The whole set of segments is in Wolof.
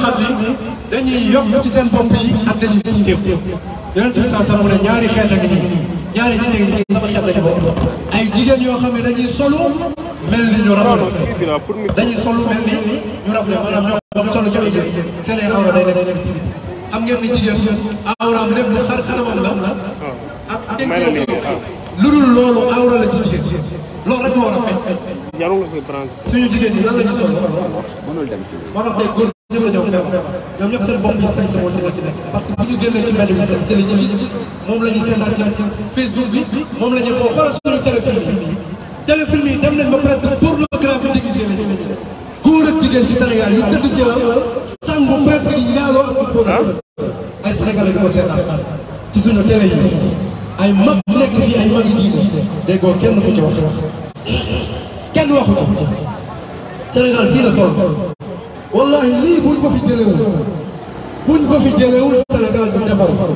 xam ni dañuy yokk ci seen bopp yi ak dañuy funkeew yoo xam ne dañuy solu mel ni ñu rafle dañuy solu mel ni ñu rafle maanaam ñoo xam solu joxe jël seen ay awra day am ngeen ni jigéen awraam lépp lu xar kanamam la ak dénk lu dul loolu awra la ci jigéen loolu rek moo war a feeñ suñu jigéen ñi lan la ñu solu moo ñëpp a ñëw feebar ñoom ñëpp seen bopp yi sañse woon ci nekk parce que bu ñu seen ci la ñuy bi moom la ñuy yi téléfilm yi dem nañ ba presque pornographie déguisé la ñu góor ak ci Sénégal yi tëdd ci lal sangu presque di ñaaloo ak góor ay Sénégalais yi ay mag nekk fii ay mag yi diine déggoo kenn ku ci wax kenn waxu ci fii la toll والله لي بون كو في جيليول بون كو في جيليول السنغال دي ديفار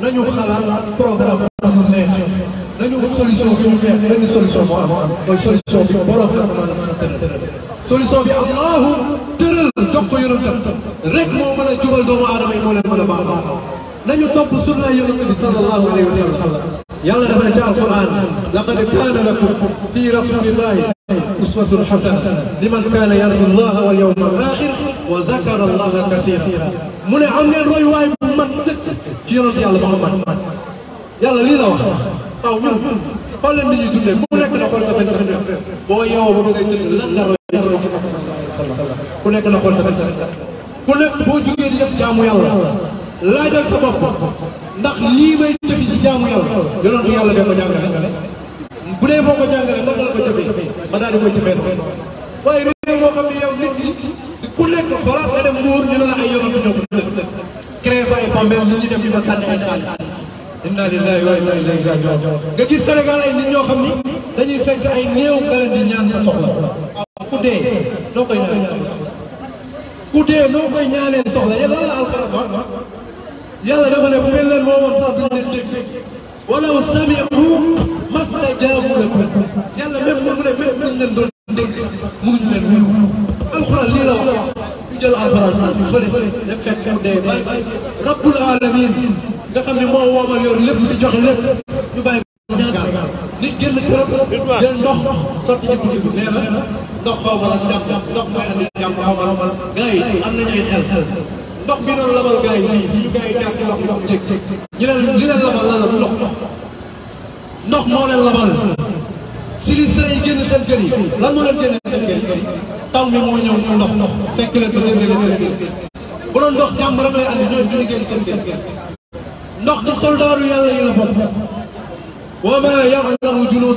نانيو خالال بروغرام نانيو نيه نانيو وخ سوليسيون سي نيه بن سوليسيون مو ام باي سوليسيون بي بروغرام خاصنا نتر سوليسيون بي الله ترل دوكو يونتام ريك مو مانا جوبال دومو ادمي مولا مولا بابا نانيو توب سنة يونتي صلى الله عليه وسلم يلا لما جاء القرآن لقد كان لكم في رسول الله أسوة حسنة لمن كان يرجو الله واليوم الآخر وذكر الله كثيرا من عمل روي واي في رضي الله محمد يلا ليلا واحد أو من قال لي يدل مو لك نقول سبعين بو يوم بو يدل لا روي كلك نقول سبعين تخلف كلك بو جوجي جامو يلا لا جل سبب ndax lii may jëfi ci jaamu yàlla yonent yàlla bee ko jàngale bu dee boo ko jàngale naka la ko jëfee ma daal koy jëfee dem nguur ñu ne la ay yonent ñoo ko ñoo xam ni dañuy fekk ay néew nga leen noo koy ñaanee ku dee noo koy ñaanee يلا قبل يقول لهم هو مصادر للدفء ولو سمعوا ما استجابوا لكم يلا مهم مهم من دون مهم من القرآن لي لو يجل على فرنسا فلي يبقى كم دايما رب العالمين لقد ما هو مليون لب يجخ لب يبقى nit génn këram jël ndox sotti ci dugub nee na ndox xaw ma la jàpp ndox mooy la ñuy jàpp ndox bi doon labal gars yi lii suñu ndox ndox teg ñi leen li leen labal la la ndox ndox moo leen labal sinistrés yi génn seen yi lan moo leen génn seen yi taw mi moo ñëw ñu ndox fekk leen ko génn ndox jàmm rek lay andi ñoom ñu génn seen kër ndox ci soldaaru yàlla yi la bokk wa yàlla rek moo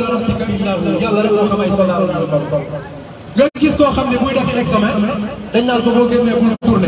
xam ay soldaaru nga gis koo xam ne buy def examen dañ naan ko boo génnee bul tourné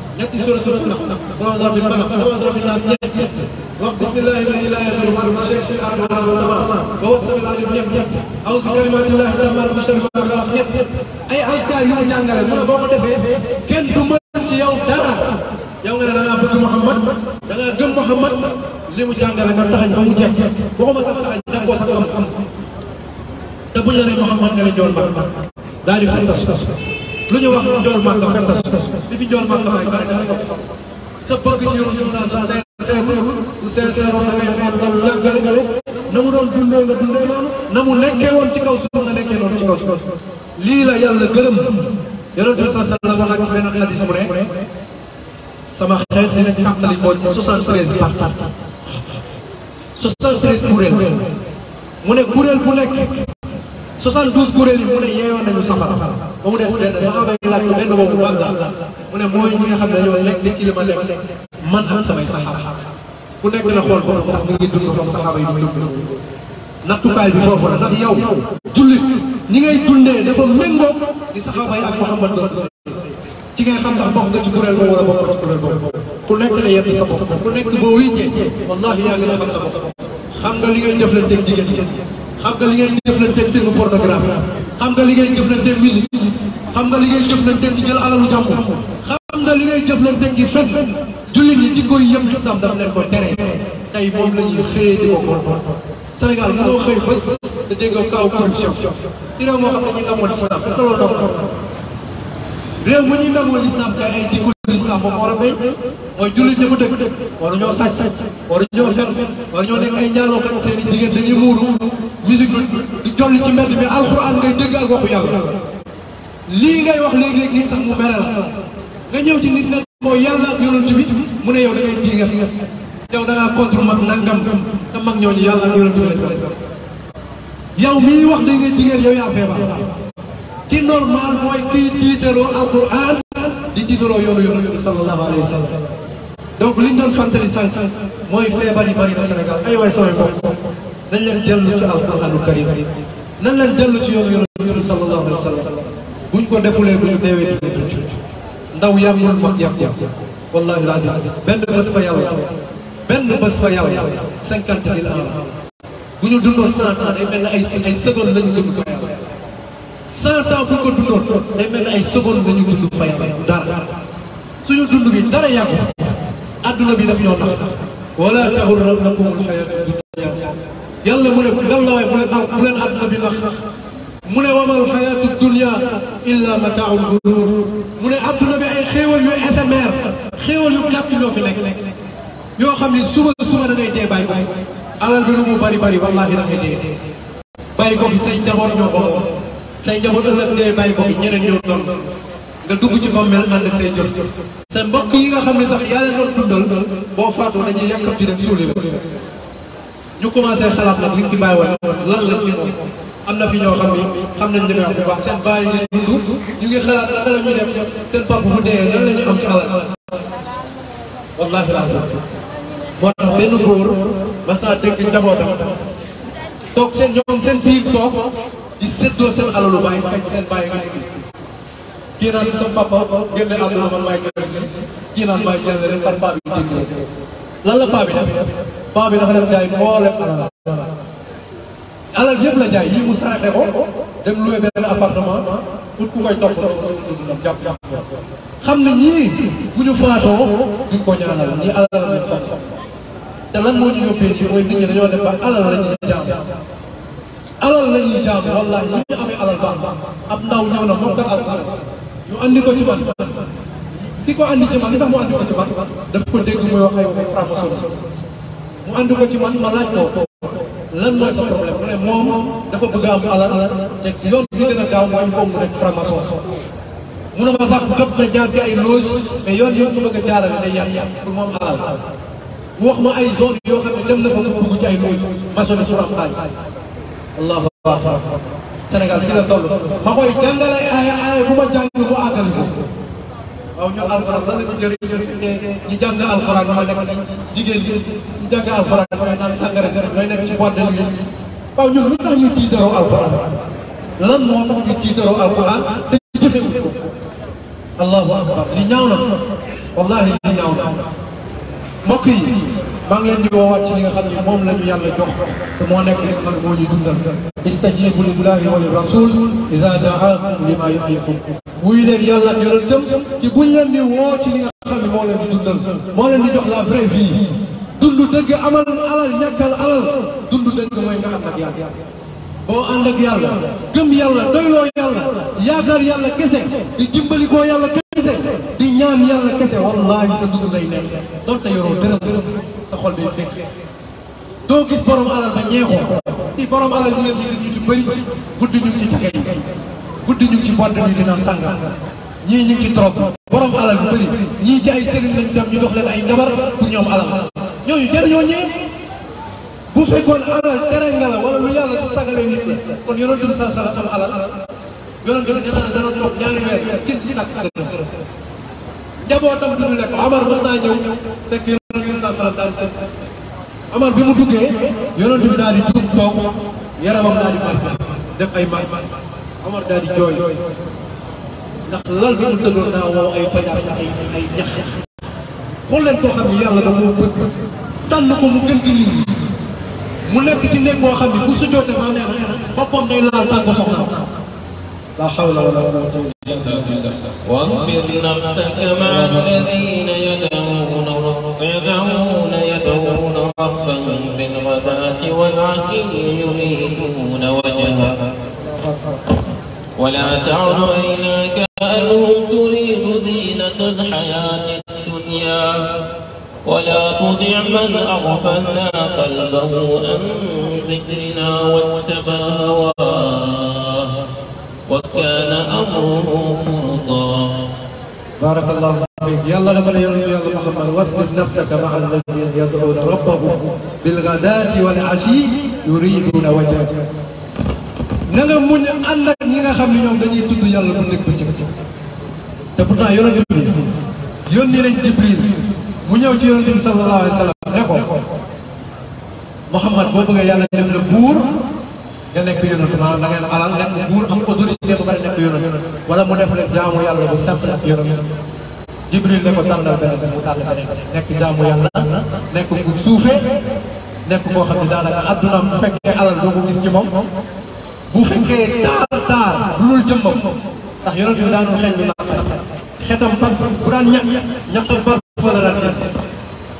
ñetti suratul falaq boobu bi falaq boobu bi naas ñett ñett wax bismillahi alladi laa yadurru maa ismihi shay'un fil ardi wa la sama ba wasa bi alim ñett ñett awuzu bi kalimatillahi taammaati min sharri maa xalaq ñett ñett ay askar yu mu jàngale mu ne boo ko defee kenn du mën ci yow dara yow nga ne da ngaa bëgg Muhammad da ngaa gëm Muhammad li mu jàngale nga taxañ ba mu jeex waxuma sama taxañ da koo sax am te buñ la ne Muhammad nga ne joon ba daal di fay tas lu ñu wax njool màkka fekk li fi njool nga sa bëgg ci yoon sa sa sincère na mu doon dundee nga dundee noonu na mu nekkee woon ci kaw suuf lii la yàlla gërëm yonent bi sa sallam wax ak benn xadis mu ne sama xeet dinañ tàqali ci 73 parti 73 kuréel mu ne kuréel bu nekk 72 kuréel yi mu ne yeeyoon nañu safara ba mu des benn saxaaba yi laaj nga xam ne dañoo lekk ci li ma lekk man ak samay saxaaba ku nekk na xool ko ndax mu ngi dund comme saxaaba yi di nattukaay bi foofu ndax yow jullit ñi ngay dundee dafa méngoo di saxaaba yi ak Muhammad xam nga ci kuréel boobu ku nekk na yedd sa bopp ku nekk boo wéccee wallahi yaa ngi xam sa bopp xam nga li ngay jëflanteeg jigéen xam nga li ngay jëflanteeg film pornographe xam nga li ngay jëflanteeg musique xam nga li ngay jëflanteeg ci jël alalu jàmbur xam nga li ngay jëflanteeg ci fen jullit ñi di koy yëpp lislam daf leen ko tere tey moom la ñuy xëyee di ko bon Sénégal mënoo xëy bés te déggoo kaw corruption ci réew moo xam ne ñu nangoon lislam est-ce que loolu doon réew mu ñuy nangoon lislam ay l'islam moom moo war a béy mooy jullit ñi mu dëkk waru ñoo sàcc waru ñoo fen a ñoo nekk ay njaalookat seen i jigéen dañuy muuru musique di jolli ci mbedd mi alxuraan ngay dégg ak waxu yàlla lii ngay wax léeg-léeg sax mu mere la nga ñëw ci nit ne ko yàlla ak yonent mu ne yow da ngay jiigat yow da ngaa contre mag nangam te mag ñooñu yàlla ak yonent bi lañ yow mii wax da ngay jiigat yow yaa feebar ki normal mooy kiy tiitaloo alxuraan di jiitaloo yoonu yonent bi sallallahu alayhi wa sallam donc liñ doon fàttali sànq mooy feebar yi bari na Sénégal ay waay samay mbokk nañ leen dellu ci alquraanul karim nañ leen dellu ci yoonu yonent bi sallallahu alayhi wa sallam buñ ko defulee bu ñu deewee di duñ ndaw yàggul mag yàggul wallahi lazim benn bés fa yàlla benn bés fa yàlla cinquante mille ans bu ñu dundoon cent ans mel ne ay ay lañu dund ko cent ans bu ko mel ne ay seconde la ñu dund fay dara suñu dund bi dara yàggu adduna bi daf ñoo nax wala taxurrannakumul hayaatud dunya yàlla mu adduna bi nax mu ne wamal hayaatud dunya illa mataaul gurur mu ne adduna bi ay xéewal yu éphémère xéewal yu gàtt ñoo fi nekk yoo xam ni suba suba da ngay dee bàyyi ko alal bi lu bari bari wallaahi da ngay dee bàyyi ko fi say njaboot ñoo say njaboot ëllëg ngay bàyyi ko ñeneen ñëw doon nga dugg ci bàmmeel ànd ak say jëf sa mbokk yi nga xam ne sax yaa leen dundal boo faatoo dañuy yàkkamti dem suuli la ñu commencé xalaat nag li ci bàyyi woon lan la ñu moom na fi ñoo xam ni xam nañ li may wax bu baax seen bàyyi ñu dem seen papa bu dee lan la ñu am ci alal wallaahi laa sax moo tax benn góor ma saa dégg njabootam toog seen ñoom seen biir toog di séddoo seen alalu bàyyi kañ seen bàyyi nga nekk kii naan sa papa génne àdduna man maay jël kii naan maay jël rek par paa bi dégg rek lan la paa bi def paa dem jaay mboolem ko dem loué benn appartement pour ku koy topp jàpp jàpp xam ne ñii bu ñu faatoo duñ ko ñaanal ñii alal lañ moo ñu yóbbee ci alal la jaam alal la ñuy jaam wallaahi li ñu amee alal baax ab ndaw ñëw na mokkal alal ñu andi ko ci man ki ko andi ci man li tax mu andi ko ci man daf ko dégg muy ko ci man ma laaj lan mooy sa problème mu ne moom dafa bëgg am alal te yoon bi gën a gaaw mu nekk franc-maçon mu ma sax gëpp na jaar ci ay loge mais yoon yoon ñu bëgg a jaarale day moom alal wax ma ay zone yoo xam ne dem na fa mu dugg ci ay loge maçon yi pour xaalis allahu akbar Sénégal fi la toll ma koy jàngale ay ay bu ma jàng la ñu jëriñ jigéen ñi ñu jàng alxuraan ma naan sàngara ñooy nekk ci boîte de nuit waaw ñun lu ñu tiitaroo alxuraan lan moo tax ñu tiitaroo alxuraan te jëfewuñ ko allahu akbar li ñaaw na wallahi li ñaaw na mbokk maa leen di woowaat ci li nga xam ne moom la ñu yàlla jox te moo nekk li nga xam ne moo ñu dundal istajibu lillahi wa rasul iza daakum lima yuhyikum wuy leen yàlla yonentam ci buñ leen di woo ci li nga xam ne moo leen di dundal moo leen di jox la vraie vie dund dëgg amal alal ñàkkal alal dund dëgg mooy nga ànd ak yàlla boo ànd ak yàlla gëm yàlla doyloo yàlla yaakaar yàlla kese di dimbali koo yàlla di ñaan yàlla kese wallahi sa dund lay nekk doonte yoroo xol day fekk doo gis borom alal ba ñeexoo fii borom alal yi ngeen di gis ñu ci bëri guddi ñu ngi ci jege yi guddi ñu ngi ci boîte de nuit di naan sàngara ñii ñu ngi ci trop borom alal bu bëri ñii ci ay sëriñ lañ dem ñu dox leen ay ndabar pour ñoom alal ñooñu jëriñoo ñee bu fekkoon alal tere nga la wala lu yàlla di sagalee nit ñi njabootam du ñu lekk Amar mos naa Amar bi mu duggee yonent bi daal yaramam daal di def ay màgg Omar daal di ndax lal bi mu tëddoon daa ay pajaas ay ay ñax xool leen koo xam ne da koo bëgg tànn ko mu gën ci nit mu ci bu su sax day laal ko soxna يدعون يدعون ربهم بالغداة والعشي يريدون وجهه ولا تعد عيناك أنهم تريد زينة الحياة الدنيا ولا تطع من أغفلنا قلبه عن ذكرنا واتبع وكان أمره فرطا بارك الله فيك يلا لبنى يا واسلم نفسك مع الذين يدعون ربهم بالغداة والعشي يريدون وجهه na nga muñ ànd ak ñi nga xam ne ñoom dañuy tudd yàlla bu nekk bëccëg te pourtant yonent bi yónni nañ Jibril mu ñëw ci yonent bi sallallahu alayhi wa sallam ne ko Mouhamad boo bëggee yàlla def la buur nga nekk yonent maanaam da ngeen alal nekk buur am autorité ba pare nekk yonent wala mu def la jaamu yàlla bu sàpp ak yonent Jibril ne ko tànnal beneen mu tànn beneen nekk jaamu yàlla nekk bu suufee nekk koo xam ne daanaka addunaam bu fekkee alal doo ko gis ci moom bu fekkee taar taar lu dul jëmmam ndax yonent bi daanul xeeñ lu naqar xetam la daan ñaq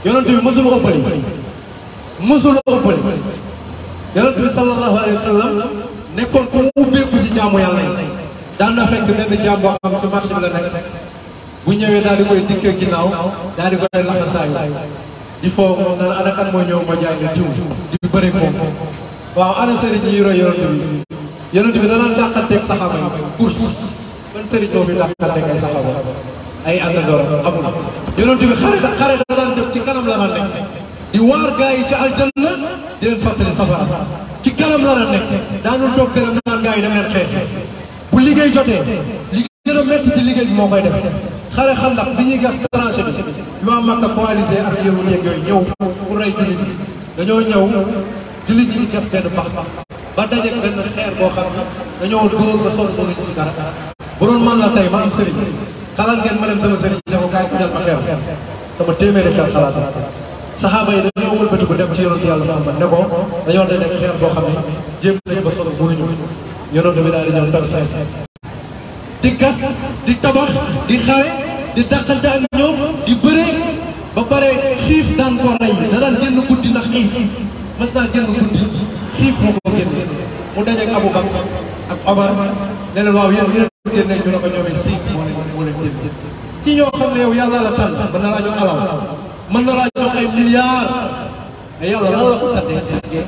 yonent bi mësul ëppali mësul ëppali yonent bi sallallahu alayhi wa sallam nekkoon ku ubbeeku si jaamu yàlla yi daan na fekk benn jaam boo xam ci la nekk bu ñëwee daal di koy dikkee ginnaaw daal di koy laxasaayu di foo moom naan ana kan moo ñëw ma jàng diw di bëri moom waaw ana sëriñ yi roy yonent bi yonent bi danaan dàqanteeg saxaaba yi course ban sëriñ boobu dàqanteeg ay saxaaba ay àndandoor amul yonent bi xare da xare da daan def ci kanam la daan nekk di waar gaa yi ci aljanna di leen fàttali safara ci kanam la daan nekk daanul toog këram naan gaa yi dem leen bu liggéey jotee gën a métti ci liggéey bi moo koy def xare xam bi ñuy gas tranché bi ma mag a coalisé dañoo ñëw jullit xeer boo xam ne dañoo dóor ba sonn ba nga ci dara bu doon man la tey ma am sëriñ xalaat ngeen ma dem sama sëriñ si ko kaay fajal ma xew sama téeméeri xel xalaat xeer boo xam ne di gas di tabax di xare di ak ñoom di bëre ba bare xif daan ko ray da daan genn guddi nak xif ma sa genn guddi xif mo ko genn mu ak abou bakr ak Omar ne la waaw yeen ñu génne ñu ne ko ñoom it xiif leen moo leen génn ci ñoo xam ne yow yalla ya la tan ba na la jox alaw man na la jox ay milliard ay yalla la la ko tànnee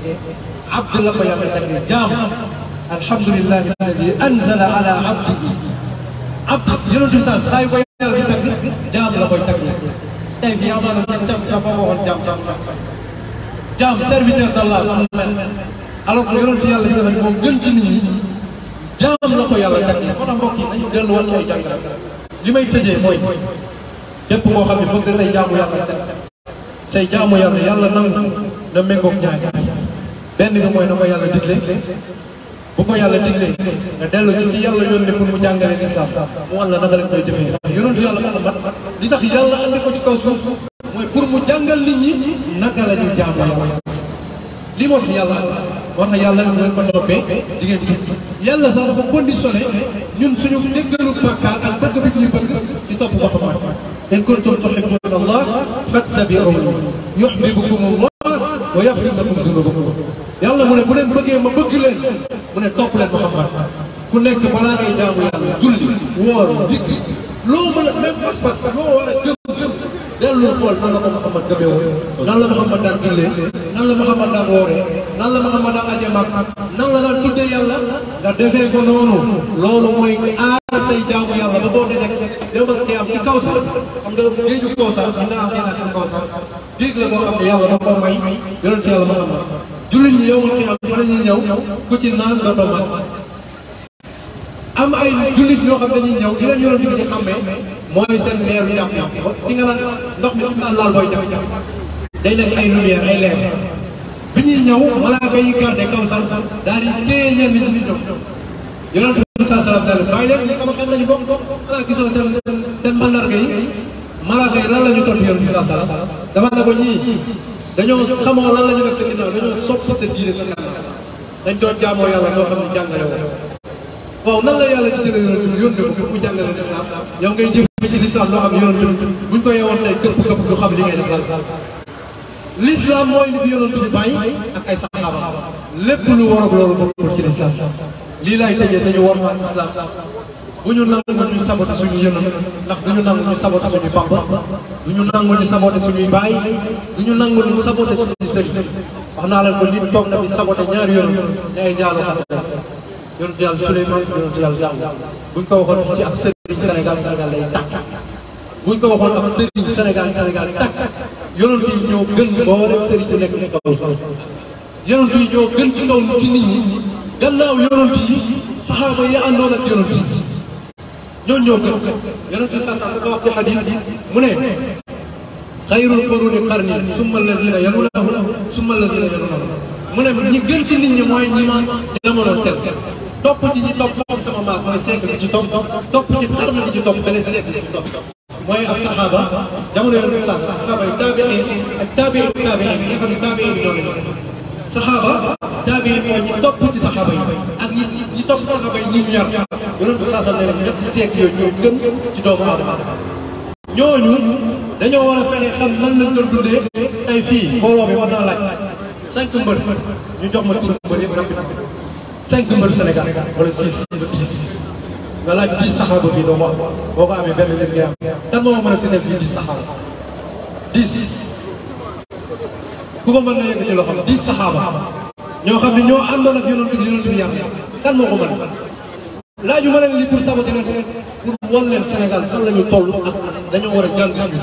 abdullah ko yalla tagge jaam alhamdulillah alladhi anzala ala abdihi am as yonent saa saa yu ko yàlla di tagg jaam la koy tagg tey bi yaakaar naa ne seen sa boo ko waxoon jaam sa jaam serviteur d'Allah sax mel alors que yonent yàlla bi nga xam ne moom gën ci nit ñi jaam la ko yàlla tagg kon nag mbokk yi dañu delluwaat ci ay jàngal li may tëjee mooy képp koo xam ne bëgg nga say jaamu yàlla say jaamu yàlla yàlla nangu na méngoog ñaar benn bi mooy na ko yàlla digle bu ko yàlla diglee nga dellu ci yàlla yónni pour mu jàngale lislaam mu wan la naka lañ koy jëfee ndax yonentu yàlla Muhammad li tax yàlla andi ko ci kaw suuf mooy pour mu jàngal nit ñi naka la ñu jaamu yàlla li moo tax yàlla moo tax yàlla mooy ko toppee di ngeen ñun suñu déggalu bàkkaar ak bëgg bi ñuy bëgg ci topp ko xamal in kuntum tuhibbuna Allah fattabi'uni yuhibbukum Allah wa yaghfir lakum dhunubakum yàlla mu ne bu leen bëggee ma bëgg leen mu ne topp leen Muhammad ku nekk balaa ngay jaamu yàlla julli woor zikri loo mën a même pas-pas loo war a gëm gëm dellul xool nan la ko Muhammad gëmee woon nan la Muhammad daan jullee nan la Muhammad daan wooree nan la Muhammad daan aje mag nan la daan loolu mooy aar say jaamu yàlla ba boo dajee nga géeju kawsar nga am xëynaatul kawsar géej la boo xam ne yàlla da koo may yonent yàlla ma amoon jullit ñi yow ma xiyam fa la ñuy ñëw ku ci naan doo doo man am ay jullit ñoo xam dañuy ñëw di leen yonent bi di xàmmee mooy seen leeru jàpp-jàpp di nga naan ndox mi am naan laal booy jàpp-jàpp day nekk ay lumière ay leer bi ñuy ñëw malaaka yi garde kawsar daal di téye ñenn ñi ñu ñëw yonent bi sallallahu alayhi wa sallam bàyyi leen sama xel lañu bokk xanaa gisoo seen seen mandarga yi malaaka yi lan la ñu yoon bi saa sala dafa ne ko ñii dañoo xamoo lan la ñu def sa ginnaaw dañoo sopp sa diine sa kanam dañ doon jaamoo yàlla ñoo xam ne jàngale woo waaw nan la yàlla ci jëlee yoon yónne ko pour mu ci lislaam loo xam yoon bi buñ ko yeewoon tey këpp këpp du xam li ngay def lan lislaam mooy li fi yonent bi bàyyi ak ay saxaaba lépp lu war ak loolu bokkul ci lislaam lii laay tëjee dañu war maat lislaam bu ñu nangu ñu sabote suñu yënam ndax du ñu nangu ñu sabote suñu papa du ñu nangu ñu sabote suñuy baay du ñu nangu ñu sabote suñu sëriñ wax naa leen ko nit toog na fi ñaari yoon te ay njaalu xatal yonent yàlla Souleymane yonent yàlla Daawuda buñ ko waxoon ci ab sëriñ Sénégal Sénégal lay tàkk buñ ko waxoon ab sëriñ Sénégal Sénégal tàkk yonent yi ñoo gën boo rek sëriñ si nekk ci kaw yonent yi ñoo gën ci kaw ci nit ñi gannaaw yonent yi saxaaba yi àndoon ak yonent yi ñooñu ñoo gëm yonent bi sax sax dafa wax ci xadis mu ne xayrul quruni qarni summa alladina yalunahum summa alladina yalunahum mu ne ñi gën ci nit ñi mooy ñi ma jamono tel topp ci ñi topp sama maas mooy siècle bi ci topp topp ci xarnu bi ci topp beneen siècle bi ci topp mooy ak saxaaba jamono yonent bi sax saxaaba yi taabiin ak taabiin taabiin yi nga xam ne taabiin bi ñoo ne saxaaba taabiin mooy ñi topp ci saxaaba yi lii ñor yonent bi saasal nee na ñetti seeg yooyu ñoo gën ci doomu aadama ñooñu dañoo war a fexe xam nan lañ doon dundee tey fii mbooloo bi war naa laaj cinq mbër ñu jox ma tur mbër yëpp rapide cinq mbër Sénégal wala six ba dix nga laaj dix saxaaba bi doomu am boo ko amee benn lépp ngay am tan moo mën a si nekk bi dix saxaaba dix ku ko mën na yëkkati loxo dix saxaaba ñoo xam ne ñoo àndoon ak yonent bi yonent bi yàlla kan moo ko mën laaju ma leen li pour saboter leen pour wan leen la ñu toll ak dañoo war a jàng suñu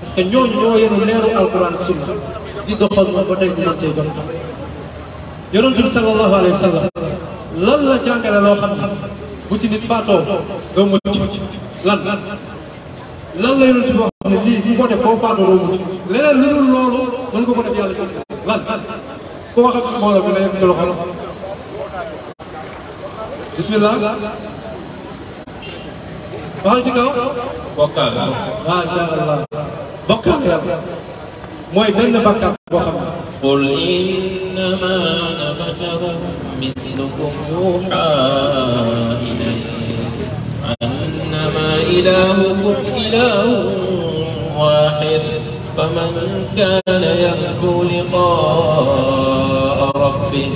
parce que ñooñu ñoo yenu leeru alquran ak sunna di doxal moom ba tey ñu mën cee jot yonent bi lan la jàngale loo xam ne bu ci nit faatoo doo mucc lan lan la ne lii bu ko def boo faatoo doo mucc leneen loolu mën nga ko def bi nga yem ci bismillah waxal ci kaw bokkaale macha allah bokkaale yàlla mooy benn bakkaat boo xam ne qul innama ana basharun mithlukum yuha ilayya annama ilahukum ilahun wahid faman kana yarju liqaa rabbih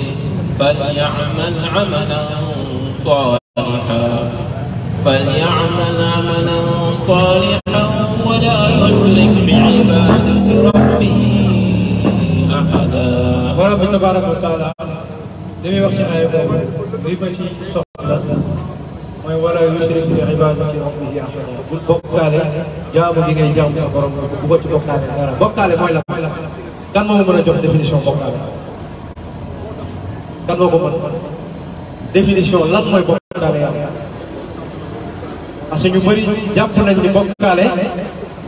فليعمل عملا صالحا فليعمل عملا صالحا ولا يشرك بعبادة ربه أحدا رب تبارك وتعالى دمي وقت آية ريبتي صحبة ولا يشرك بعبادة ربه أحدا قل بقالي جامو دي جاي جامو سفرم بقوة بقالي بقالي كان مو من جوح definition بقالي كان مو من définition lan mooy bokkaale que ñu nañ ni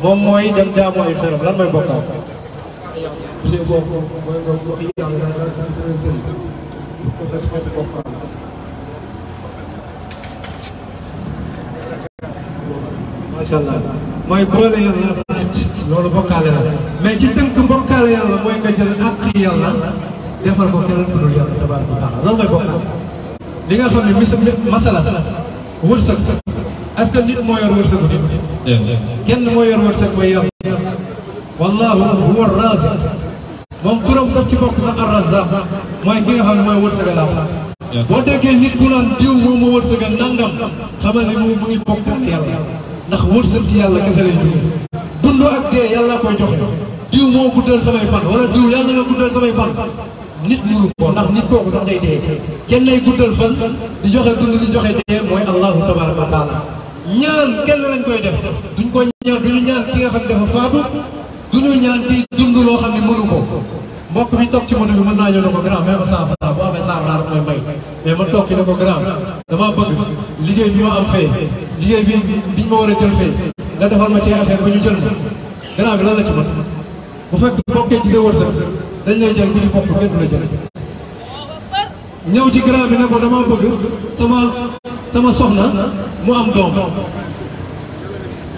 moom mooy dem jaamu ay lan mooy boole yàlla loolu bokkaale la mais ci tënk bokkaale yàlla mooy nga jël àq yàlla defal ko keneen ku dul yàlla tabaaraka taala mooy bokkaale. li nga xam ne misa masala wërsëg est-ce que nit moo yor wërsëgu nit kenn moo yor wërsëg ba yor wallahu huwa raziq moom turam daf ci bokk sax ar-razzaq mooy ki xam ne mooy wërsëgal la boo déggee nit ku naan diw moo ma wërsëgal nangam xamal ne moom mu ngi bokk ak ndax wërsëg ci yàlla kese lay dund dund ak dee yàlla koy joxe diw moo guddal samay fan wala diw yàlla nga guddal samay fan nit mënu ko ndax nit kooku sax day dee kenn lay guddal fan di joxe dund di joxe dee mooy allahu tabaraka wa taala ñaan kenn lañ koy def duñ ko ñaan duñu ñaan ki nga xam ne dafa faatu duñu ñaan di dund loo xam ne mënu ko mbokk mi toog ci moto bi mën naa ñëw ne ko grand mais ma cent franc boo amee cent franc mooy may mais ma toog ci ne ko dama bëgg liggéey bi ma am fee liggéey bi biñ ma war a jël fee nga defal ma ci affaire ba ñu jël ma grand bi lan la ci dañ lay jël ku ci bopp kenn la jël ñëw ci grand bi ne ko dama bëgg sama sama soxna mu am doom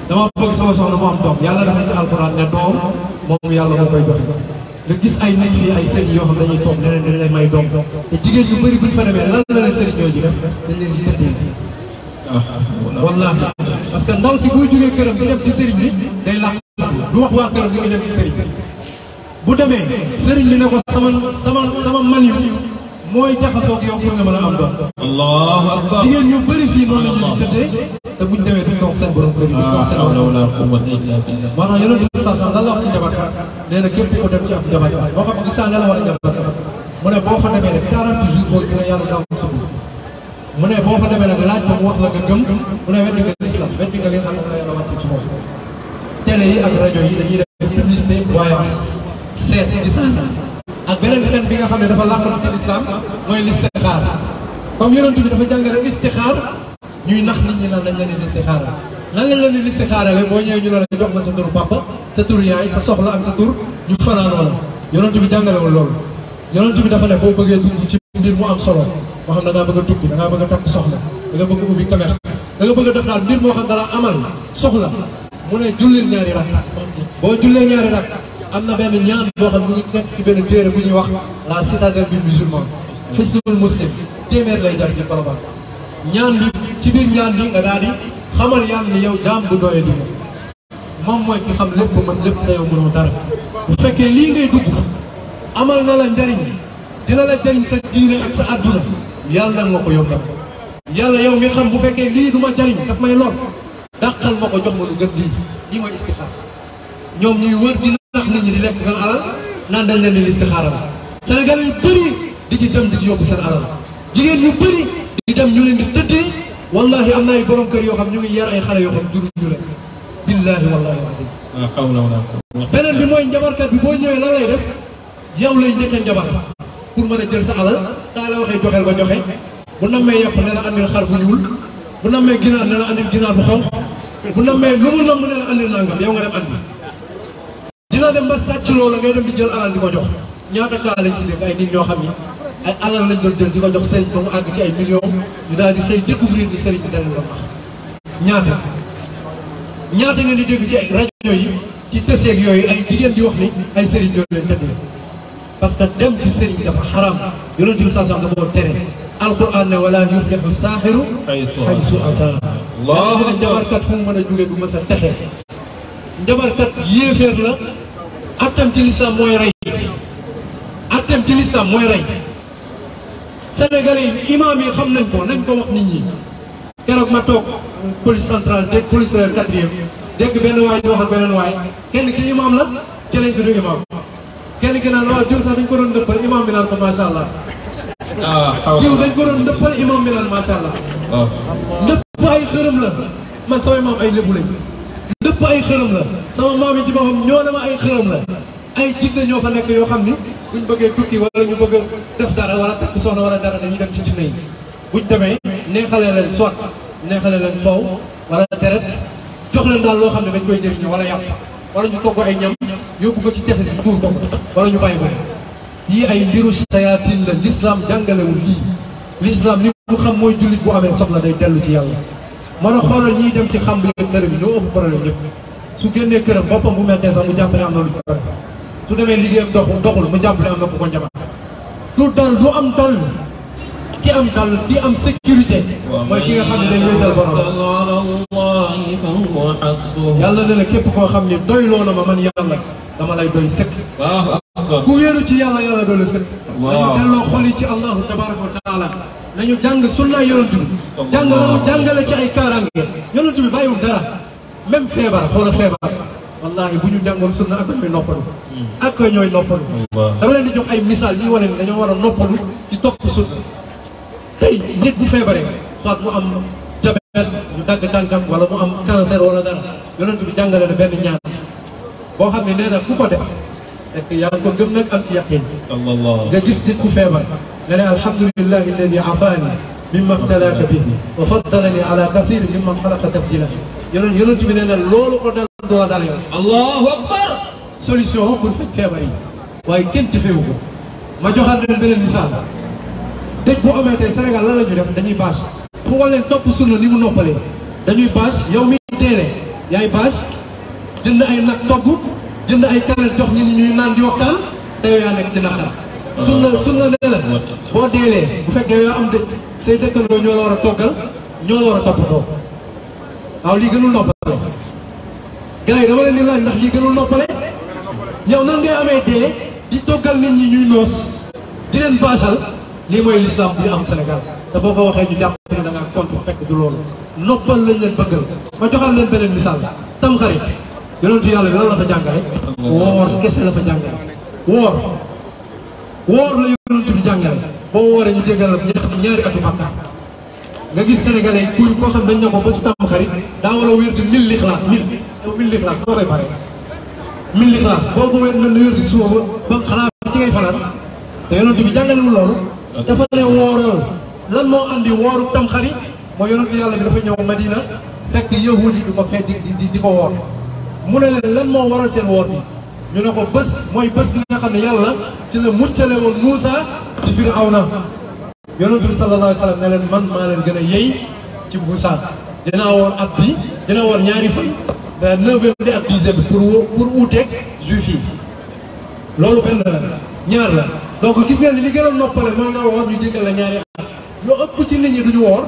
dama bëgg sama soxna am doom yàlla dafa ci alxuraan ne doom moom yàlla moo koy joxe nga gis ay nit fii ay sëriñ yoo dañuy toog ne leen dañ lay may doom te jigéen ñu bëri buñ fa demee lan la leen sëriñ yooyu def dañ leen di tëddee wallaahi parce que ndaw si di dem ci sëriñ bi day làq du wax waa këram li nga dem ci sëriñ bu demee sëriñ bi ne ko sama sama sama man yu mooy jaxasoo ak yow pour nga mën a am doon. allahu akbar jigéen ñu bëri fii noonu la ñu tëddee. te buñ demee duñ toog seen borom kër yi duñ toog ah, sax sax lan la wax ci jabarkat nee ne la war a mu ne boo fa demee rek 40 jours boo gën a yàlla daaw sa bopp. mu ne boo fa demee nag laaj ko mu wax la nga gëm mu ne weddi nga lislam nga li nga xam ne yàlla wàcc ci moom. télé yi ak rajo yi dañuy def publicité voyance. set gis-gis ak beneen xeet bi nga xam dafa làqatu ci lislaam mooy listixaar comme yonent bi dafa jàngale istixaar ñuy nax nit ñi naan lañ leen di lan lañ leen di listixaarale boo ñëwee ñu la jox ma sa papa sa yaay sa soxla ak sa tur ñu fanaanoo la yonent bi jàngalewul loolu yonent bi dafa ne boo bëggee dugg ci mbir mu am solo moo xam da ngaa bëgg tukki da ngaa bëgg a soxla da nga bëgg ubbi commerce da nga bëgg mbir xam amal soxla mu ne ñaari rak ñaari rak أنا بين نيان بوخام ني نيك في بين تيرا بو ني واخ لا سيتادير بي مسلمان حسن المسلم تيمر لاي دار دي طلبات نيان بي تي بير نيان بي غادي خمر يان لي يو جام بو دوي دي مام موي كي خام لب من لب تاي مو نو دار بو فكي لي غاي دوك عمل نالا نداري دينا لا تاني سا دين اك سا ادونا يالا مكو يوم دار يالا يو مي خام بو فكي لي دوما جاري داف ماي لور داخال مكو جوم مو لو گد لي لي موي استخاف نيوم ني وور دي ndax nit ñi di lekk seen alal naan dañ leen di listixaaral Sénégal yu bëri di ci dem di wallahi am na ay borom kër yoo xam ñu ngi yar ay wallahi alazim beneen bi mooy njabarkat bi boo ñëwee lan lay def yow lay njëkk a njabar pour mën a jël sa alal daa la waxee joxeel ba joxe bu nammee yàpp ne la andil dina dem ba sàcc loola ngay dem di jël alal di ko jox ñaata kaa lañ ci dégg ay nit ñoo xam ni ay alal lañ ay millions ñu daal di xëy découvrir ni la wax ñaata ñaata ngeen di dégg ci ay rajo yi ci teseeg yooyu ay jigéen di wax ni ay sëriñ ñoo leen tëddee parce que dem ci njabarkat fu mu mën a jugee du mës a texe njabarkat yéeféer la attem ci lislaam mooy rey attem ci lislaam mooy yi imaam yi xam nañ ko nañ ko wax nit ñi keroog ma toog police centrale dégg police quatrième dégg benn waay di wax ak beneen waay kenn ki imaam la keneen ki du imaam kenn ki naan waaw diw sax dañ ko doon dëppal imaam bi naan ko macha allah ah, diw ah. dañ ko doon dëppal imaam bi naan macha allah ndëpp oh. ay xërëm la man samay maam ay lébu lañ lépp ay xërëm la sama maam yi ci boppam ñoo ne ay xërëm la ay jinne ñoo fa nekk yoo xam ni buñ bëggee tukki wala ñu bëgg def dara wala takk soxna wala dara dañuy dem ci jinne yi buñ demee neexalee leen soit neexalee leen soow wala deret jox leen daal loo xam ne dañ koy def jëriñoo wala yàpp wala ñu togg ay ñam yóbbu ko ci tefes bi tuur ko wala ñu bàyyi ko yii ay mbiru sayaatin la l'islam jàngalewul lii l'islam li mu xam mooy jullit bu amee soxla day dellu ci yàlla mën a xoolal ñiy dem ci xam bi kër bi ñoo ëpp problème ñëpp su génnee këram boppam bu mettee sax mu jàpp ne am na lu ko jàpp ne am na ku ko njaboot. du dal du am dal ki am dal di am sécurité mooy ki nga xam ne dañ wéetal borom yàlla ne la képp koo xam ne doy loo na ma man yàlla dama lay doy sëkk. ku wéeru ci yàlla yàlla doole sëkk dañu delloo xol yi ci allahu tabaraka wa taala nañu jàng sunna yonent bi jàng la mu jàngale ci ay kaaraange yonent bi bu ñu jàngoon sunna ak ñooy hmm. ñooy noppalu dama leen di jox ay misaal yi wane dañoo war a noppalu ci topp sunna bu feebaree soit mu am jabet ñu dagg tànkam wala mu am cancer wala dara yonent bi jàngale la benn ñaan boo xam ne nee ku ko def الحمد لله الذي عفاني مما ابتلاك به وفضلني على كثير ممن خلق تفجيره يرنج من انا لولو قد الله اكبر سوري سو هو كرفك كيباي واي كنت في وجه ما جو حد بين اللسان ديك بو امي تي الله لا نجو داني باش بو لين توب سونو ني مو نوبالي داني باش يومي تيري ياي باش دنا اي نك توغو jënd ay kanet jox ñi ñuy naan di waxtaan te yow yaa nekk ci naqar ah. suñ la suñ la nee boo deelee bu fekkee yoo am dëj say dëkkandoo ñoo la war a toggal ñoo la war a toppatoo waaw lii gënul noppale gars yi dama leen di laaj ndax lii gënul noppale yow amee dee di toggal nit ñi ñuy noos di leen baasal lii mooy l'islam bi am Sénégal te boo ko waxee ñu jàpp ne da fekk du loolu noppal lañ leen bëggal ma joxal leen beneen misaal tam xarit yonentu yàlla bi lan la fa jàngale war, kese la fa jàngale woor woor la yonentu bi jàngale boo wooree ñu déggal la ñaari atu bàkkaar nga gis sénégalais kuy koo xam dañ ne ko ba su tam xarit daa war a wér di mille lixlaas mille mille lixlaas boo koy pare mille lixlaas boo ko wér di suba ba ba xanaa ci ngay ne di di di ko mu ne leen lan moo waral seen woor bi ñu ne ko bés mooy bés bi nga xam ne yàlla ci la muccale woon Moussa ci Firawna na bi sallallahu alayhi la sallam ne leen man maa leen gën a yey ci mbuusaan dinaa woor at bi dina woor ñaari fan neuvième bi ak dixième bi pour pour uuteeg juif yi loolu la ñaar la donc gis ngeen li gën a noppale maa nga woor ñu jéggal la ñaari at lu ëpp ci nit ñi duñu woor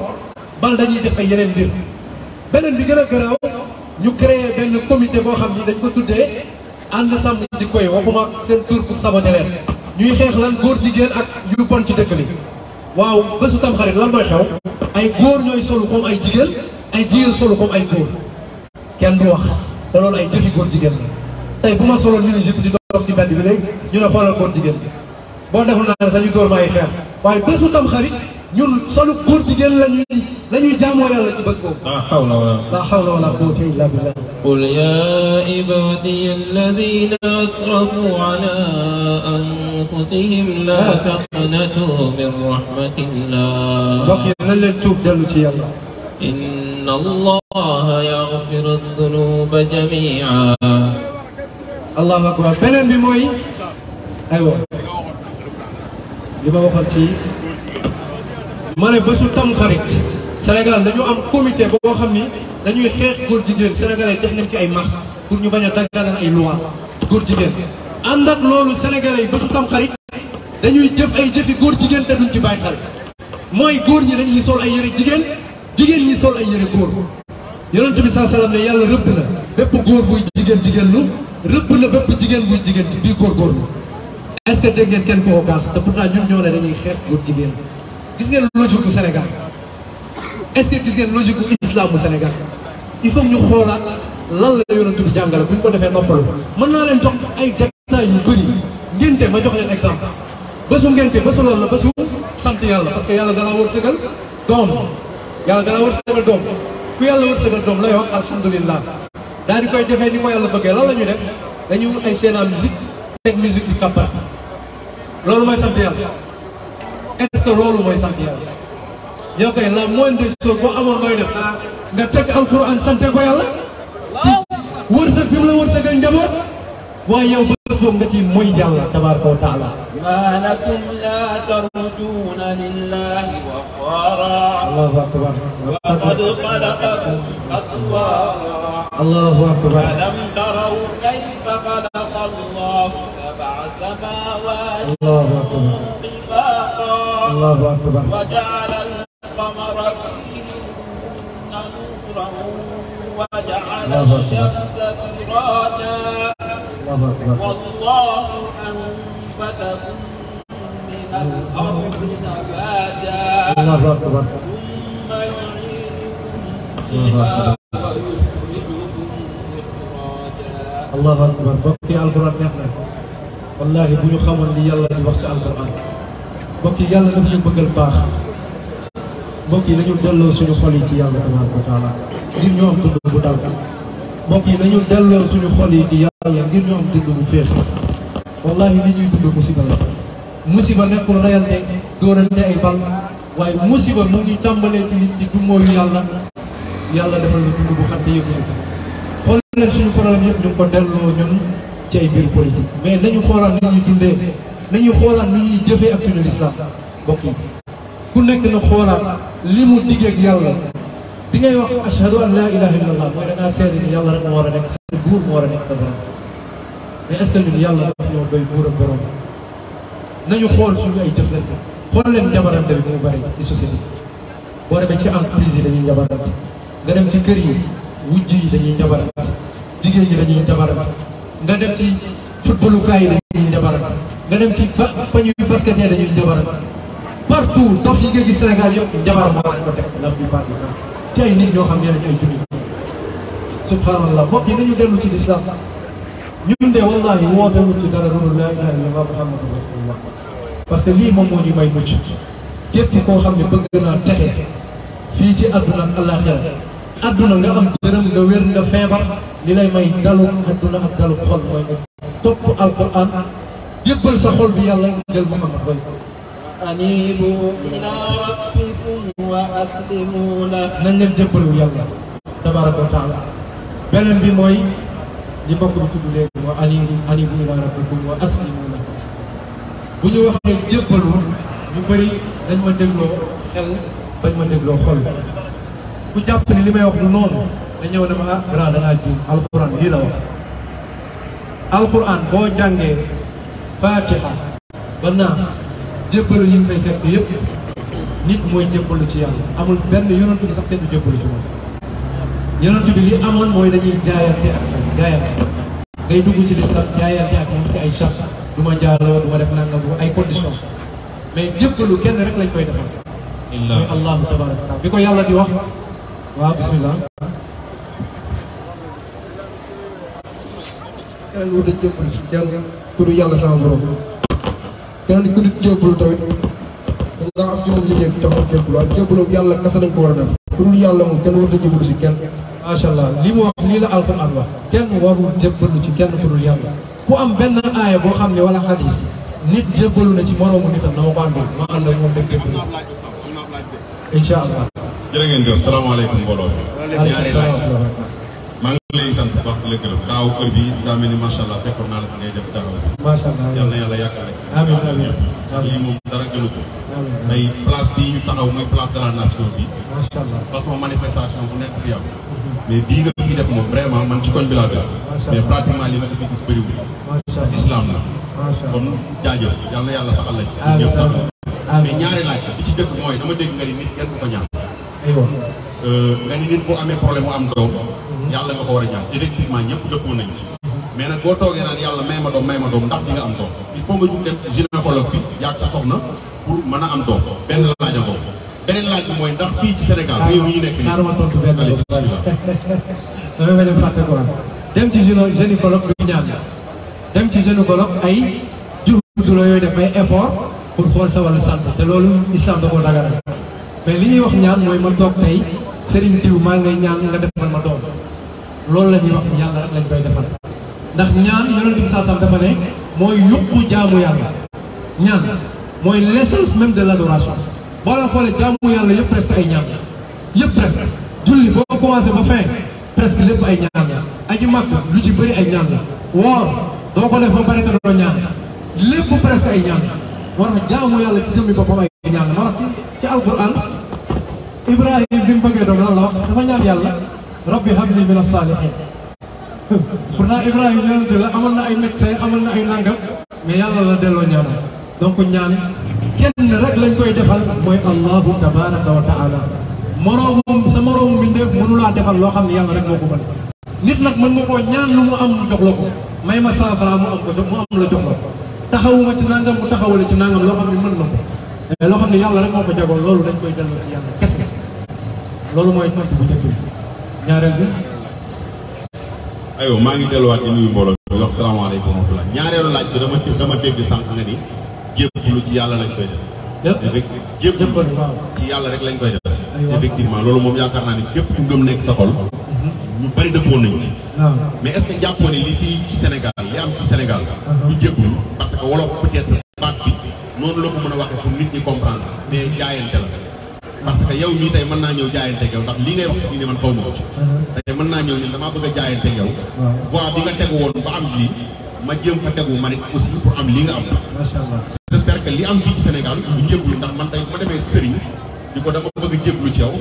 bal dañuy def ay yeneen mbir beneen bi gën a garaaw ñu créé benn comité boo xam ni dañ ko tuddee ànd sàmm di koy waxuma seen tur sama saboter ñuy xeex lan góor jigéen ak ñu bon ci dëkk li waaw bésu tamxarit lan mooy xew ay góor ñooy solu comme ay jigéen ay jigéen solu comme ay góor kenn du wax te loolu ay jëfi góor jigéen la tey bu ma soloon mini ci di dox ci benn bi léegi ñu ne xoolal góor jigéen bi boo deful naa ne sax ñu dóor ma ay xeex waaye bésu tamxarit ñun solu góor jigéen lañuy lañuy yàlla ci wala قل يا عبادي الذين أسرفوا على أنفسهم لا آه. تقنطوا من رحمة الله إن الله يغفر الذنوب جميعا الله أكبر بنا بموي أيوة يبقى وقت ma ne bésu Tamxarit Sénégal dañu am comité boo xam ni dañuy xeex góor jigéen sénégalais def nañ ci ay marche pour ñu bañ a daggalal ay loi góor jigéen ànd ak loolu sénégalais yi bésu dañuy jëf ay jëfi góor jigéen te duñ ci bàyyi mooy góor ñi dañuy sol ay yëre jigéen jigéen ñi sol ay yëre góor yonent bi saa salaam ne yàlla rëbb na bépp góor buy jigéen jigéen lu rëbb na bépp jigéen buy jigéen ci biir góor góor lu est-ce que dégg ngeen kenn koo dañuy xeex góor jigéen gis ngeen logique bu Sénégal est-ce que gis ngeen logique islam bu Sénégal il faut ñu xoolaat lan la yonent bi jàngale bu ñu ko defee noppal mën naa leen jox ay détails yu bëri ngénte ma jox leen exemple bésu ngénte bésu loolu la bésu sant yàlla parce que yàlla dana wërsëgal doom yàlla dana wërsëgal doom ku yàlla wërsëgal doom lay wax alhamdulillah daal di koy defee ni ko yàlla bëggee lan la ñu def dañuy wut ay chaîne à musique teg musique bi kàppar loolu mooy sant yàlla it's the rôle mooy sant yàlla yow kay la moindre des choses boo amoon mooy def nga teg alquran sante ko yàlla ci wërsëg bi mu la wërsëgal njaboot waaye yow bés boobu nga ci mooy yàlla tabaraka wa taala ma lakum la tarjuna lillahi waqara allahu akbar وقد خلقكم أطوارا الله أكبر ألم تروا كيف خلق الله سبع سماوات الله أكبر الله أكبر وجعل القمر فيهن نورا وجعل الشمس سراجا والله أنبتكم من الأرض نباتا الله أكبر ثم يعيدكم فيها ويخرجكم إخراجا الله أكبر بقي القرآن نحن والله بنو خمر لي الله يبقى القرآن mbokk yi yàlla dafa ñu bëggal baax mbokk yi nañu delloo suñu xol yi ci yàlla tabaaraka wa taala ngir ñoo am dund bu dal mbokk yi nañu delloo suñu xol yi ci yàlla ngir ñoo am dund bu féex wallahi li ñuy dund musiba la musiba nekkul reyante dóorante ay bal waaye musiba mu ngi tàmbalee ci du mooyu yàlla yàlla defal la dund bu xatte yëpp yëpp xool leen suñu problème yëpp ñu ngi ko delloo ñun ci ay mbir politique mais nañu xoolal nit ñi dundee nañu xoolaat ni ñuy jëfee ak suñu lislaam mbokk yi ku nekk na xoolaat li mu diggeeg yàlla bi ngay wax ashhadu an laa ilaha illa allah mooy da ngaa seede yàlla rek moo war a nekk sa buur moo war a nekk sa yàlla daf ñoo doy buur ak borom xool suñu ay jëflante xool leen njabarante bi mu bëri ci société boo demee ci entreprise yi dañuy njabarante nga dem ci kër yi wujj yi dañuy njabarante jigéen ñi dañuy njabarante nga dem ci footballukaay yi dañuy njabarante nga ci fa fa ñuy basketeer dañuy jabar partout dof yi nga gis Sénégal yëpp jabar mo lañ ko def la plupart du temps ci ay nit ñoo xam ñene ñooy julli subhanallah mbokk yi nañu dellu ci l'islam ñun de wallahi woote wut ci dara loolu la ilaha illallah muhammadu rasulullah parce que li moom mo ñu may mucc képp ko xam ne bëgg na texe fi ci aduna ak àllaaxira aduna nga am dërëm nga wër nga feebar li lay may dalu aduna ak dalu xol moy top alquran يبل سخول بي الله yàlla محمد Muhammad bay anibu ila rabbikum wa aslimu la nañ leen jëbbalu yàlla tabaraka wa taala beneen bi mooy li mbokk bi tudd léegi mooy anibu anibu ila rabbikum wa aslimu la bu ñu waxee ku ni wax alquran la alquran faatiha ba naas jébbalu yi fay fekk yëpp nit mooy jébbalu ci yàlla amul benn yonent bi sax te du jébbalu ci moom yonent bi li amoon mooy dañuy jaayante ak jaayante ngay dugg ci lislam jaayante ak moom ci ay charte du ma jaaloo du ma def nangam ay conditions mais jébbalu kenn rek lañ koy defal mooy allahu tabaraka bi ko yàlla di wax waa bismillah ku dul yàlla a borom keneen ku dul jébbalu tamit nga am ci moom liggéey bi taxaw jébbalu waaye jébbalu yàlla kese lañ ko war a def ku dul yàlla moom kenn warut a jébbalu kenn. wax lii la alxuraan wax kenn warul jébbalu ci kenn ku dul yàlla ku am benn aaya boo xam ne wala xadis nit jébbalu na ci moroomu nitam na ma ko àndal ma àndal moom dëgg dëgg incha kër bi daa mel ni macha allah fekkoon naa la fi macha allah yal na yàlla yàggale. amiin amiin ndax lii moom dara jëlu ko. tey place bii ñu mooy place de la bi. macha allah manifestation bu nekk fi am. Mhm. mais bii nga fi def moom vraiment man ci koñ bi laa def. mais pratiquement li ma def gis bëriwul. macha allah islam la. kon jaajëf yal na yàlla saxal lañ. amiin mais ñaari laaj bi ci jëkk mooy dama dégg nga ni nit kenn du ko ñaan. aywa euh, nga ni nit bu amee problème mu am doom. yàlla nga ko war a ñaan effectivement ñëpp dëppoo nañu mais nag boo toogee naan yàlla may ma doom may ma doom ndax di nga am doom il faut nga jug dem a am doom benn ko beneen laaj bi mooy ndax fii ci Sénégal réew mi ñu nekk nii. ma tontu benn bopp damay mel ni fàtte quoi dem ci gynécologue bi ñaan dem ci gynécologue ay jur du la yooyu def ay effort pour xool sa wàllu santé te loolu islam da koo dagal mais li ñuy wax ñaan mooy ma toog tey Serigne Diouf maa ngi lay ñaan nga defal ma doom. loolu la ñuy wax yàlla rek lañ koy defal ndax ñaan yonent bi saasam dafa ne mooy yuqu jaamu yàlla ñaan mooy l'essence même de l'adoration boo la xoolee jaamu yàlla yëpp presque ay ñaan yëpp presque lépp ay ñaan la a màkk lu ci bëri ay ba pare ay ñaan war na jaamu yàlla ci jëmmi boppam ci alquran Ibrahim bi mu bëggee dafa ñaan yàlla rabbi habli min as-salihin pourtant Ibrahima yonent la amoon na ay médecin amoon na ay nanga mais yàlla la delloo ñaan donc ñaan kenn rek lañ koy defal mooy allahu tabaraka wa taala moroomum sa moroom bi ndéef laa defal loo xam ne yàlla rek moo ko mën nit nag mën nga koo ñaan lu mu am jox la ko may ma saabara mu am ko mu am la jox la taxawuma ci nangam bu taxawale ci nangam loo xam ne mën na ko mais loo xam ne yàlla rek moo ko jagoon loolu dañ koy delloo ci yàlla kes kes loolu mooy tontu bu njëkk bi ñaareel bi aywa maa ngi delluwaat di nuyu mbooloo wa rahmatulah ñaareelu laaj sama dégg sànq nga ni jébbalu ci yàlla lañ koy def jébbalu ci yàlla rek lañ koy def effectivement loolu moom yaakaar naa ne képp ku gëm nekk sa xol mhm. ñu bari dëppoo nañu ci mais est ce que jàppoo li fii ci Sénégal li am ci Sénégal du uh-huh. jébbalu parce que wolof peut être baat bi noonu la ko mën a pour nit ñi comprendre mais jaayante la parce que yow mii tey mën naa ñëw jaayanteeg yow ndax lii ngay wax fii ne man xaw ma uh-huh. tey mën naa ñëw ne damaa bëgg a jaayanteeg yow. waaw uh-huh. bi nga tegu woon ba am lii ma jëm fa tegu ma ne aussi am lii nga am. macha allah j'espère li am fii Sénégal bu jéblu ndax man tey bu ma demee Serigne di ko dama bëgg jëm jéblu ci yow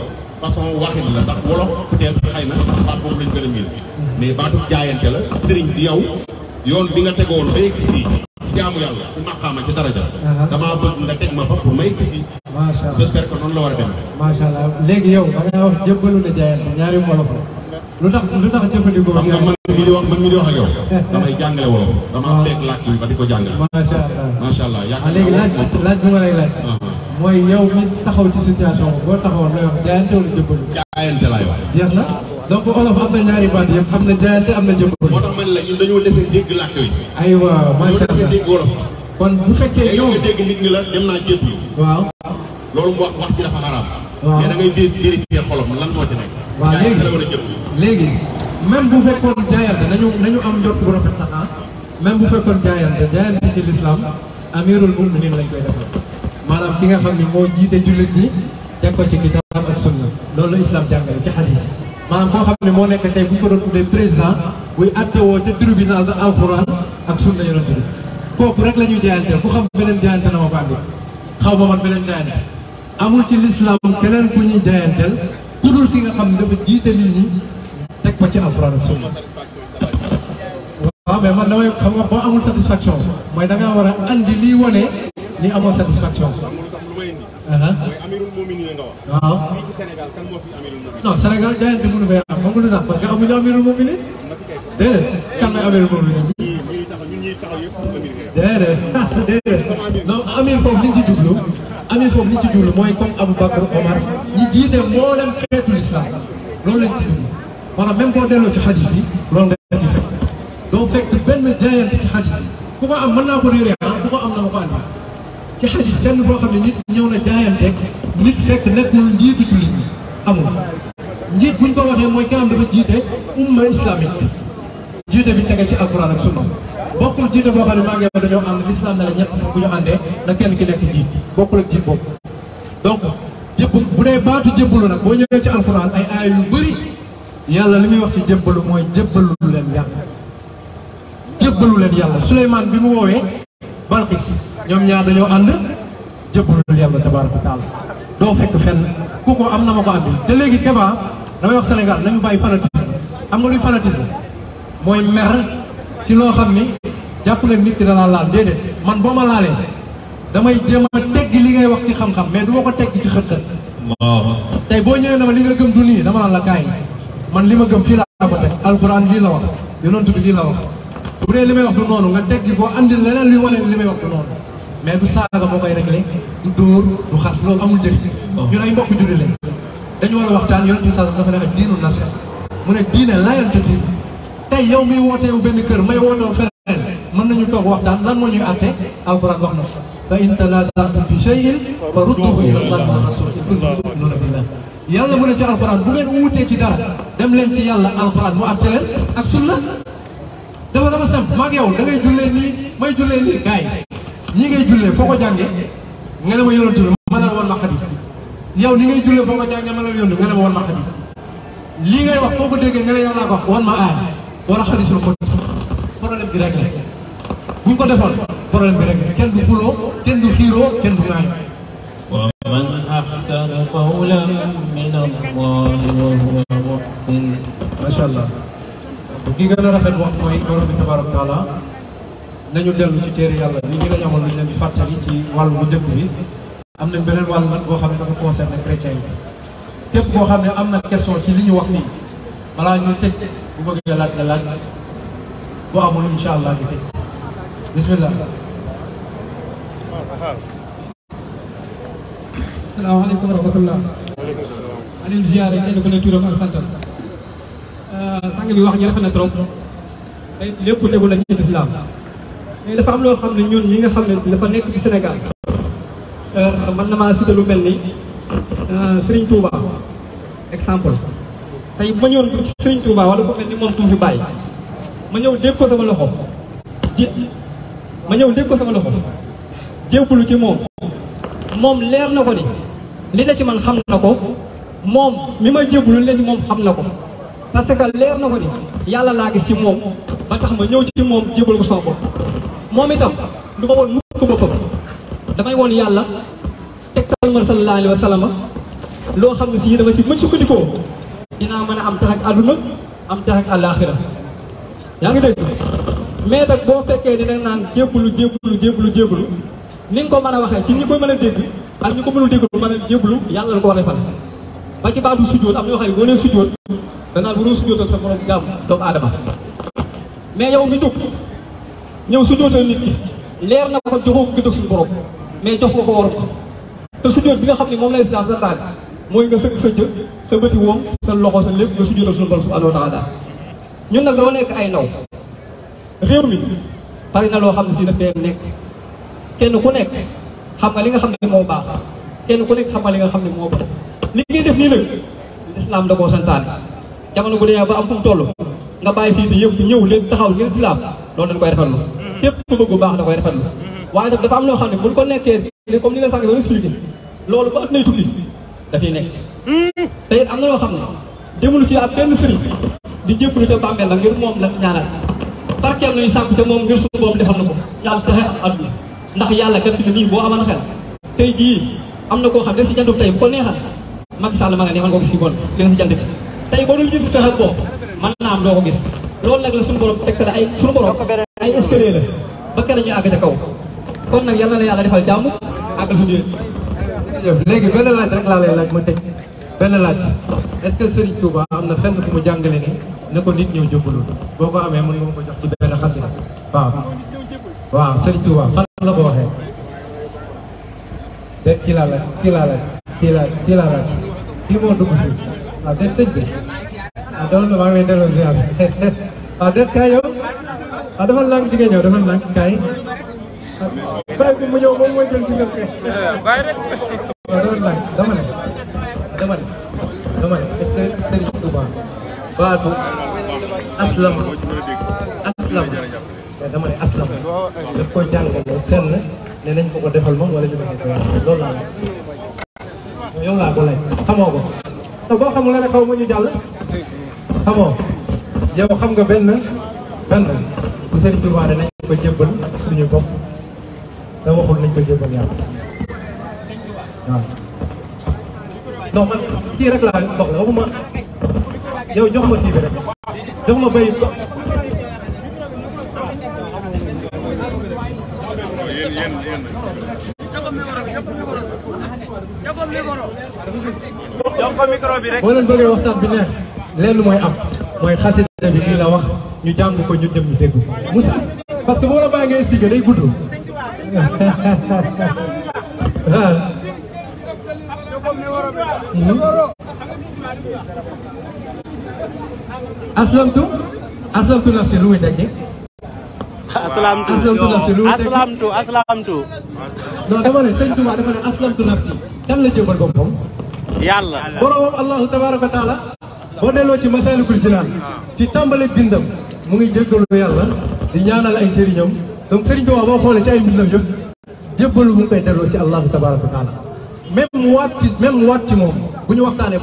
façon waxin la ndax wolof peut-être xëy na baat boobu lañ gën a miin. Uh-huh. mais baatu jaayante la Serigne di yow yoon bi nga tegoon ba yegg jaamu yàlla ci maqaama ci daraja damaa bëgg la war a demee. macha allah mooy yow mi taxaw ci situation boo taxawoon lay wax jaayante wala jëbbalu. jaayante laay wax. na. donc olof am na ñaari baat yëpp am na jaayante am na jëmbur. moo tax man la ñun dañoo dese dégg làkk wi. aywa macha allah ñoo dese dégg wolof. kon bu fekkee yow nga dégg nit ñi la dem naa jébbu. waaw. loolu wax wax ci dafa xaraam. waaw mais da ngay dées vérifier xolam lan moo ci nekk. waaw léegi jaayante la war a jébbu. même bu fekkoon jaayante nañu nañu am bu rafet sax ah. même bu ci l'islam amirul muminin lañ koy defal maanaam ki nga xam ne moo jiite jullit ñi teg ko ci kitaab ak sunna loolu islam jàngale ci hadis maanaam koo xam ne moo nekk tey bu ñu ko doon président buy attewoo ca tribunal ba alxuraan ak sunna yonent bi kooku rek la ñuy jaayante ku xam beneen jaayante na ma ko xaw ma man beneen jaayante amul ci lislaam keneen ku ñuy jaayanteel ku dul ki nga xam ne dafa jiite nit ñi teg ko ci alxuraan ak sunna waaw mais man damay xam nga boo amul satisfaction mooy da war a andi lii wone ni amoo satisfaction Uh-huh. mooy amirul mu'minin nga wax. waaw fii ci Sénégal kan moo fi amirul mu'minin. non Sénégal jaayante mënu fee am xam nga lu tax parce que amuñu amirul mu'minin. déedéet kan lay amirul mu'minin. ñii ñuy taxaw ñun ñuy taxaw yëpp amir nga yor. déedéet déedéet non amir foofu liñ ci jublu amir foofu liñ ci jublu mooy comme Aboubacar Omar ñi jiite moo leen xeetu l'islam loolu lañ ci jublu maanaam même boo delloo ci xadis yi loolu nga ci fekk doo fekk benn jaayante ci xadis yi ku ko am mën naa ko réeré ah ku ko am na ma ko andi. ci xadis kenn boo xam ne nit ñëw na jaayante nit fekk nekkul njiitu jullit ñi amul njiit buñ ko waxee mooy kanam dafa jiite umma islamique jiite bi tege ci alquran ak sunna bokkul jiite boo xam ne maa ngi dañoo ànd lislaam ne la ñett bu ñu àndee na kenn ki nekk jiit bokkul ak jiit boobu donc jëbb bu dee baatu jëbbalu nag boo ñëwee ci alquran ay aay yu bëri yàlla li muy wax ci jëbbalu mooy jëbbalu leen yàlla jëbbalu leen yàlla Suleymaan bi mu Balqis ñoom ñaar dañoo ànd jëbbalul yàlla tabaaraka taala doo fekk fenn ku ko am na ma ko àndi te léegi débat damay wax Sénégal nañu bàyyi fanatisme am nga luy fanatisme mooy mer ci loo xam ni jàpp nga nit ki dana laal déedéet man boo ma laalee damay jéem a teggi li ngay wax ci xam-xam mais du ko teggi ci xët-xët tey boo ñëwee ma li nga gëm du nii dama naan la kaay man li ma gëm fii laa ko teg alquran lii la wax yonent bi lii bu dee li may wax du noonu nga teggi ko andil leneen luy wane li may wax du noonu mais du saaga moo koy réglé du dóor du xas loolu amul njëriñ. Oh. ñun ay mbokk julli lañ. dañu war a waxtaan yonent bi saa dafa ne ak diinu nasiha mu ne diine layal ca diin tey yow miy wooteewu benn kër lan moo ñuy àtte alquran na fa in tanaza'tum fi shay'in farudduhu ila Allahi wa rasul in kuntum tu'minuna billah yàlla bu ngeen ci dara dem leen ci yàlla alquran mu àtte leen ak sunna dafa dafa saf yow da ngay jullee nii may jullee nii ngay jullee foo ko jàngee nga ne ma yonent bi ma woon ma xadis yow ni ngay jullee foo ko jàngee ma ne la yonent nga ne ma woon lii ngay wax foo ko dégg nga ne yow laa ko wax woon ma aay wala ko problème bi rek la ko defoon problème bi rek la kenn du xuloo kenn du xiiroo kenn du ñaari ومن أحسن قولا من الله وهو محسن ما شاء ki gën a rafet wax mooy borom bi tabaaraka taala nañu dellu ci téere yàlla bi ñu la ñamal ñu leen di fàttali ci wàll bu njëkk bi am nañ beneen wàll nag boo xam ne dafa concerné chrétien yi képp koo xam ne am na question ci li ñu wax nii balaa ñu tëj bu bëggee laaj la laaj bu amul incha allah ñu tëj bismillah Euh, sang bi wax ñu rafet na trop tey lépp tegu na ci lislaam mais dafa am loo xam ne ñun ñi nga xam ne dafa nekk ci Sénégal euh, man na maa cité lu mel ni euh, Serigne Touba exemple tey ma ñëwoon Serigne wala ko mel ni moom tu fi ñëw dégg ko sama loxo ji ma ñëw dégg ko sama loxo jébbulu ci moom moom leer na ko ni li na ci man xam na ko moom mi ma jébbulu li ci moom xam na ko parce que leer na ko ni yàlla laa gis ci moom ba tax ma ñëw ci moom jébal ko sama bopp moom itam du ma woon mukk ko damay won yàlla tegtal ma sallallahu alayhi wa sallam loo xam ne si dama ci mën sukkandikoo dinaa mën a am tax ak àdduna am tax ak àllaaxira yaa ngi dégg mais nag boo fekkee ne da naan jébbalu jébbalu jébbalu lu ni nga ko mën a waxee ci ñi koy mën a dégg ak ñi ko mënul dégg a jébbalu yàlla la ko war a defal ba ci baatu sujjóot am na yoo xam ne boo nee sujjóot danaa waroo sujjóotal sa borom jàmm doomu aadama mais yow mi jóg ñëw sujjóotal nit ki leer na ko joxoo ko gëdd suñu borom mais jox ko ko waroon ko te sujjóot bi nga xam ne moom la islam sa taag mooy nga sëgg sa jë sa bëti woom loxo sa lépp nga sujjóotal suñu borom subhanahu ñun nag dama nekk ay ndaw réew na loo xam si daf ku nekk xam nga li nga xam ne moo baax kenn ku nekk xam nga li nga xam ne moo baax li ngay def nii nag jamono bu dee ba am fu mu nga bay fi di yepp ñew leen taxaw ngir islaam loolu dañ koy lu yepp ko bëgg baax da koy defal lu waaye nak dafa am lo xamne bu ko nekké ni comme ni nga sànq do expliquer lolu ba at nay tukki dafay nekk te it am na lo xamne demul ci ab ben sëriñ di lu te bambel la ngir mom la ñaanal barkeel nañu sànq te mom ngir su boobu defal nako yalla taxé addu ndax yalla kat fi ne nii boo amoon xel tay jii am na koo xam ne si jantub ko neexal Macky Sall ma nga neexal ko ci bon li nga si jant tay boo dul gis sa xar man na am doko gis lol nak la suñu borom la ay sun borom ay escalier la ba kenn ñu ag ca kaw kon nak yalla la yalla defal jàmm ag suñu yéen. léegi ben laaj rek la lay laaj ma tek ben laaj est-ce que Serigne Touba amna fenn fu mu jangale ni nako nit ñew jëbulu boko amé amee mën nga ko jox ci ben xasin waaw waaw Serigne Touba fan la ko waxee. te kii la laaj kii la laaj kii laa la laa laaj kii moo dugg si. අදටද අදවන්න මම වෙන්න ලොසියක් අදටයෝ අදවල් ලං ටිකේ නෝ දවල් ලං ටිකයි බයි මුයෝ මොමෝ දෙල් ටිකේ බයිර අදවල් ලං දමන දමන දමන ඉස්සෙල් ඉස්සෙල් තුබා බාතු අස්ලම් Aslam dama ne aslam daf ko jàngal kenn ne nañ ko ko defal moom wala ñu ko defal loolu laa yow laa ko lay xamoo ko te boo xam nga ne xaw ma ñu jàll xamoo yow xam nga benn benn bu Sëriñ Tuubaa nañ ko jébbal suñu bopp te waxul nañ ko jébbal yàlla waaw non kii rek laa soxla waxuma yow jox ma kii bi rek jox ma bay jokkoo micro bi rek. boo leen bëggee waxtaan bi ne lenn nafsi lu muy tekki. aslamtu aslamtu non dama ne sëñ Tuubaa dafa ne aslamtu nafsi kan la jébal boppam. yàlla boromam allahu tabaaraka wa taala. boo delloo ci masaalikul jinaan ci tàmbale bindam mu ngi jéggalu yàlla di ñaanal ay sëriñam donc sëriñ Tuubaa boo xoolee ci ay bindam yëpp jébbalu mu ngi koy delloo ci allahu tabaaraka wa taala. même waat ci même waat ci moom bu ñu waxtaanee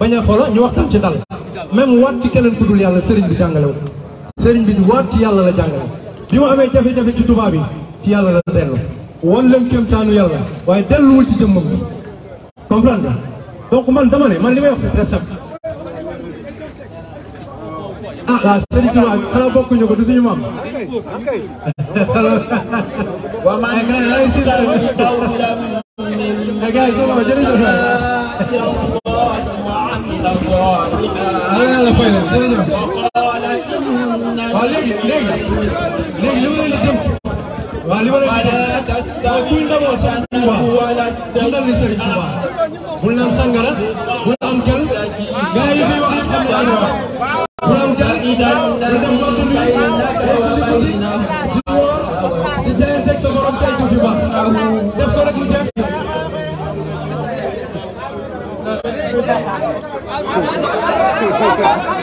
bañ a a xolo ñu waxtaan ci dal même waat ci keneen ku yàlla sëriñ bi jàngale wu. sëriñ bi waat ci yàlla la jàngale bi amee jafe-jafe ci tubaab yi yàlla la dellu. won leen kéemtaanu yàlla waaye delluwul ci jëmmam bi comprendre nga donc man dama ne li may wax c'est très simple ah, ko du suñu maam waaw maa ngi lay si sa gars yi sama jërëjëf yàlla fay leen jërëjëf waaw léegi léegi kuy ndamoo Serigne Touba àndal ni Serigne Touba bul naan sangara bul am jël gars yi wax yëpp xam bul am jël da dem waxtu bi di woor di jayanteeg sa borom tey ju fi baax